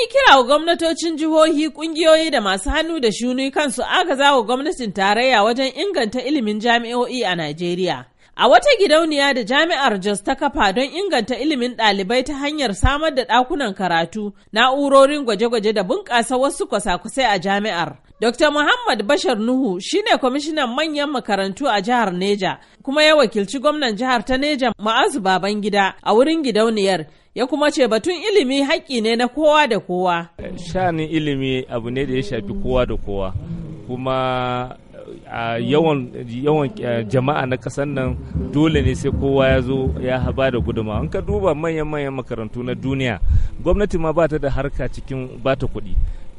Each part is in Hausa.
yi kira wa gwamnatocin jihohi kungiyoyi da masu hannu da shuni kansu agaza wa gwamnatin tarayya wajen inganta ilimin jami'o'i a Najeriya. A wata gidauniya da jami'ar Jos ta kafa don inganta ilimin ɗalibai ta hanyar samar da ɗakunan karatu, na'urorin gwaje-gwaje da bunƙasa wasu kwasa-kwasai a jami'ar. Dr. Muhammad Bashar Nuhu shi ne kwamishinan manyan makarantu a jihar Neja kuma ya wakilci gwamnan jihar ta Neja Ma'azu baban gida a wurin gidauniyar ya kuma ce batun ilimi haƙƙi ne na kowa da kowa. Shanin ilimi abu ne da ya shafi kowa da kowa kuma a yawan yawan eh, jama'a na kasan nan dole ne sai kowa ya zo ya haba da guduma an ka duba manyan manyan makarantu na duniya gwamnati ma bata da harka cikin bata kuɗi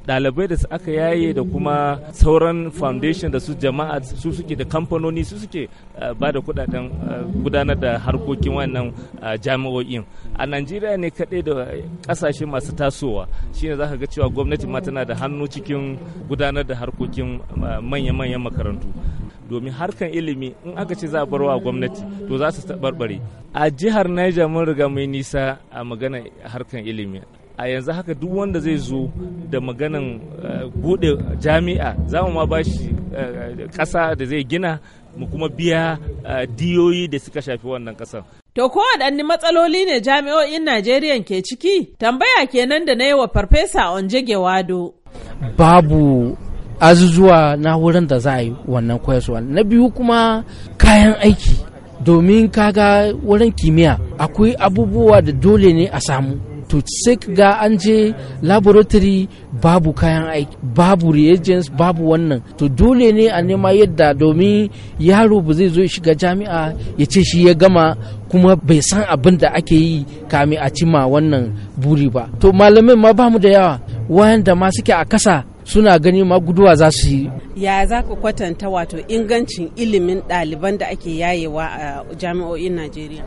Dalibai da su aka yaye da kuma sauran foundation da su jama'a su suke da kamfanoni su suke eh, ba da kudaden eh, gudanar da harkokin wannan eh, jami'o'in a najeriya ne kaɗai da ƙasashe masu tasowa shine za ka ga cewa gwamnati ma tana da hannu cikin gudanar da harkokin manya-manyan makarantu domin harkan ilimi in aka ce za a barwa gwamnati to za su taɓarɓare a jihar niger mun riga mai nisa a magana harkan ilimi a yanzu haka duk wanda zai zo da maganan eh, bude jami'a za mu ma ba shi eh, ƙasa da zai gina mu kuma biya eh, diyoyi da suka shafi wannan ƙasar. To ko waɗanne matsaloli ne jami'o'in Najeriya ke ciki? Tambaya kenan da na yi wa Farfesa Onjege Wado. Babu azuzuwa na wurin da za a yi wannan kwayasuwa, Na biyu kuma kayan aiki domin kaga wurin kimiyya akwai abubuwa da dole ne a samu. to sai ga an je laboratory babu kayan aiki babu reagents babu wannan to dole ne a nema yadda domin yaro ba zai zo shiga jami'a ya ce shi ya gama kuma bai san abin da ake yi kami a cima wannan buri ba to malamin ma bamu da yawa wayanda ma suke a kasa suna gani ma guduwa za su yi. Ya za ku kwatanta wato ingancin ilimin ɗaliban da ake yayewa a jami'o'in Najeriya?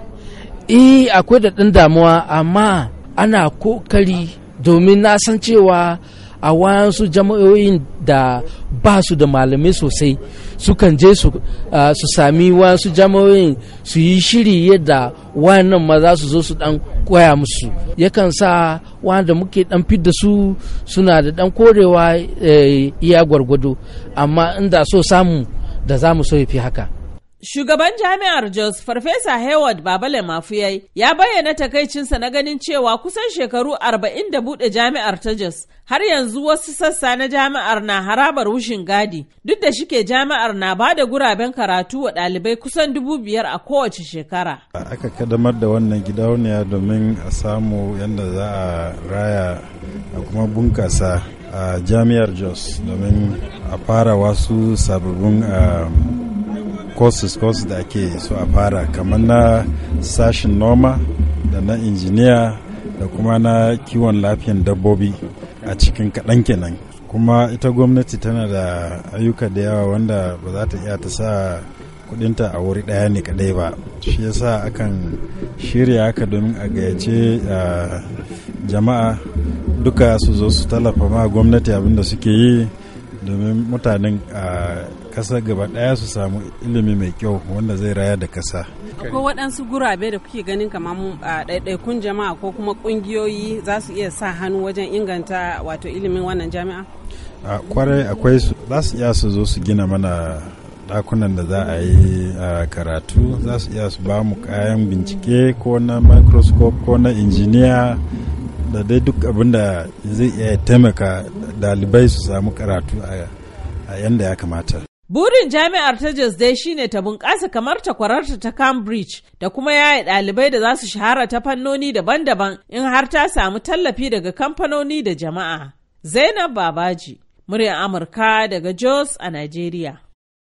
E, akwai da ɗin damuwa amma ana kokari domin na san cewa a wayansu jama'o'in da ba su da malamai sosai sukan je su sami wayansu jama'o'in su yi shiri yadda wayannan maza su zo su dan koya musu yakan sa wanda muke dan fidda su suna da dan korewa eh, iya gwargwado amma inda so samu da za mu so ya fi haka Shugaban jami'ar Jos Farfesa Hayward Babale Mafuyai ya bayyana takaicinsa na ganin cewa kusan shekaru arba'in da buɗe jami'ar ta Jos har yanzu wasu sassa na jami'ar na harabar wushin gadi duk da shike jami'ar na ba da guraben karatu wa ɗalibai kusan dubu biyar a kowace shekara. Aka kadamar da wannan gidauniya domin a samu yadda za a raya a kuma bunkasa a jami'ar Jos domin a fara wasu sababbin courses courses da ake so a fara kamar na sashen noma da na injiniya da kuma na kiwon lafiyan dabbobi a cikin kaɗan kenan kuma ita gwamnati tana da ayyuka da yawa wanda ba za ta iya ta sa kudinta a wuri ɗaya ne kadai ba shi yasa akan shirya haka domin a gayyace jama'a duka su zo su tallafa ma gwamnati abinda suke yi domin mutanen kasa gaba daya su samu ilimi mai kyau wanda zai raya da kasa ko waɗansu gurabe da kuke ganin kamar ɗaiɗaikun jama'a ko kuma ƙungiyoyi za su iya sa hannu wajen inganta wato ilimin wannan jami'a a kwarai akwai su za su iya su zo su gina mana dakunan da za a yi karatu za su iya su ba mu kayan bincike ko na microscope ko na injiniya da dai duk abin da zai iya taimaka dalibai su samu karatu a yadda ya kamata Burin jami'ar ta Jos dai shine ta bunƙasa kamar ta kwararta ta Cambridge da kuma yaya ɗalibai da za su shahara ta fannoni daban-daban in har ta samu tallafi daga kamfanoni da jama'a. Zainab Babaji, muryar Amurka daga Jos a Najeriya.